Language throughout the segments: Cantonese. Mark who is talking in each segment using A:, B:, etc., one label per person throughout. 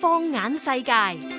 A: 放眼世界。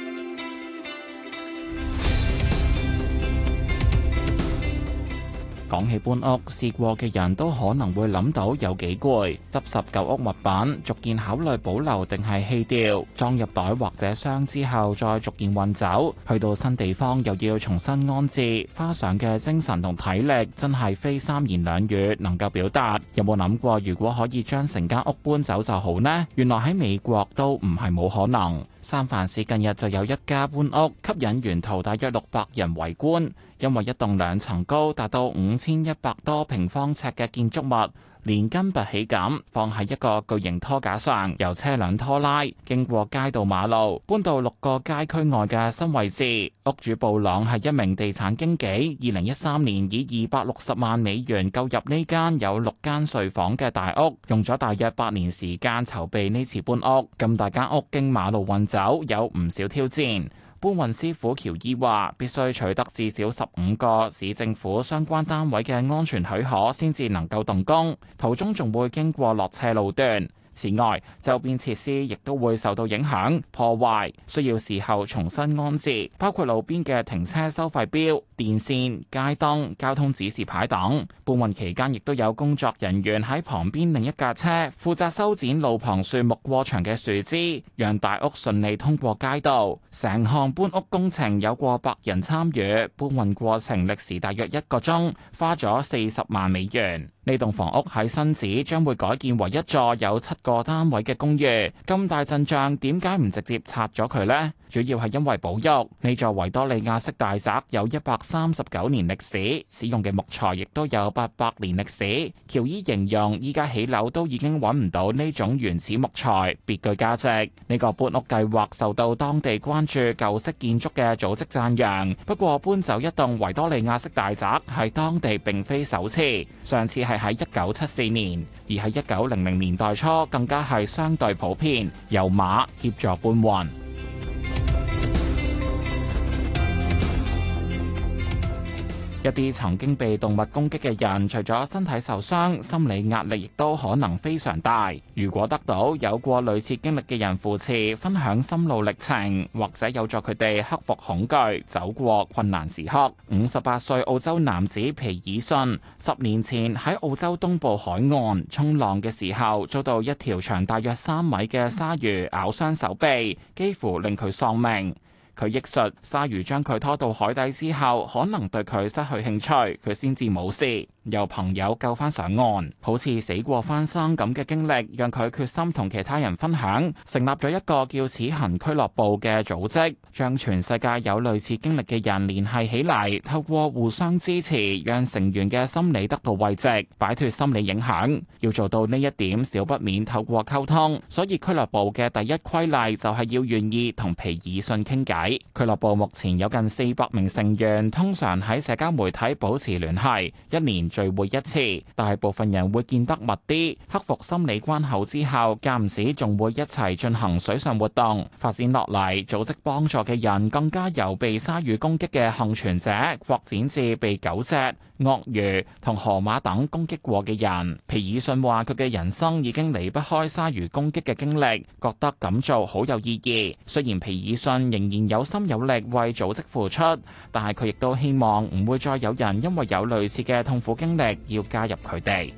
A: 講起搬屋，試過嘅人都可能會諗到有幾攰，執拾舊屋物品，逐件考慮保留定係棄掉，裝入袋或者箱之後再逐件運走。去到新地方又要重新安置，花上嘅精神同體力真係非三言兩語能夠表達。有冇諗過，如果可以將成間屋搬走就好呢？原來喺美國都唔係冇可能。三藩市近日就有一家搬屋，吸引沿途大約六百人圍觀，因為一棟兩層高、達到五千一百多平方尺嘅建築物。連根拔起咁，放喺一個巨型拖架上，由車輛拖拉，經過街道馬路，搬到六個街區外嘅新位置。屋主布朗係一名地產經紀，二零一三年以二百六十萬美元購入呢間有六間睡房嘅大屋，用咗大約八年時間籌備呢次搬屋。咁大間屋經馬路運走，有唔少挑戰。搬運師傅喬伊話，必須取得至少十五個市政府相關單位嘅安全許可，先至能夠動工。途中仲會經過落斜路段。此外，周邊設施亦都會受到影響破壞，需要事後重新安置，包括路邊嘅停車收費錶、電線、街燈、交通指示牌等。搬運期間亦都有工作人員喺旁邊另一架車負責修剪路旁樹木過長嘅樹枝，讓大屋順利通過街道。成項搬屋工程有過百人參與，搬運過程歷時大約一個鐘，花咗四十萬美元。呢棟房屋喺新址將會改建為一座有七個單位嘅公寓。咁大陣仗，點解唔直接拆咗佢呢？主要係因為保育。呢座維多利亞式大宅有一百三十九年歷史，使用嘅木材亦都有八百年歷史。喬伊形容，依家起樓都已經搵唔到呢種原始木材，別具價值。呢個搬屋計劃受到當地關注舊式建築嘅組織讚揚。不過搬走一棟維多利亞式大宅係當地並非首次，上次係。係喺一九七四年，而喺一九零零年代初，更加係相對普遍，由馬協助搬運。一啲曾經被動物攻擊嘅人，除咗身體受傷，心理壓力亦都可能非常大。如果得到有過類似經歷嘅人扶持，分享心路歷程，或者有助佢哋克服恐懼，走過困難時刻。五十八歲澳洲男子皮爾信，十年前喺澳洲東部海岸衝浪嘅時候，遭到一條長大約三米嘅鯊魚咬傷手臂，幾乎令佢喪命。佢憶述，鯊魚將佢拖到海底之後，可能對佢失去興趣，佢先至冇事。由朋友救翻上岸，好似死過翻生咁嘅經歷，讓佢決心同其他人分享，成立咗一個叫此行俱樂部嘅組織，將全世界有類似經歷嘅人聯繫起嚟，透過互相支持，讓成員嘅心理得到慰藉，擺脫心理影響。要做到呢一點，少不免透過溝通，所以俱樂部嘅第一規例就係要願意同皮爾遜傾偈。俱樂部目前有近四百名成員，通常喺社交媒體保持聯繫，一年聚會一次，大部分人會見得密啲。克服心理關口之後，間唔時仲會一齊進行水上活動。發展落嚟，組織幫助嘅人更加由被鯊魚攻擊嘅幸存者，擴展至被狗隻、鱷魚同河馬等攻擊過嘅人。皮爾信話：佢嘅人生已經離不開鯊魚攻擊嘅經歷，覺得咁做好有意義。雖然皮爾信仍然有心有力為組織付出，但係佢亦都希望唔會再有人因為有類似嘅痛苦。精力要加入佢哋。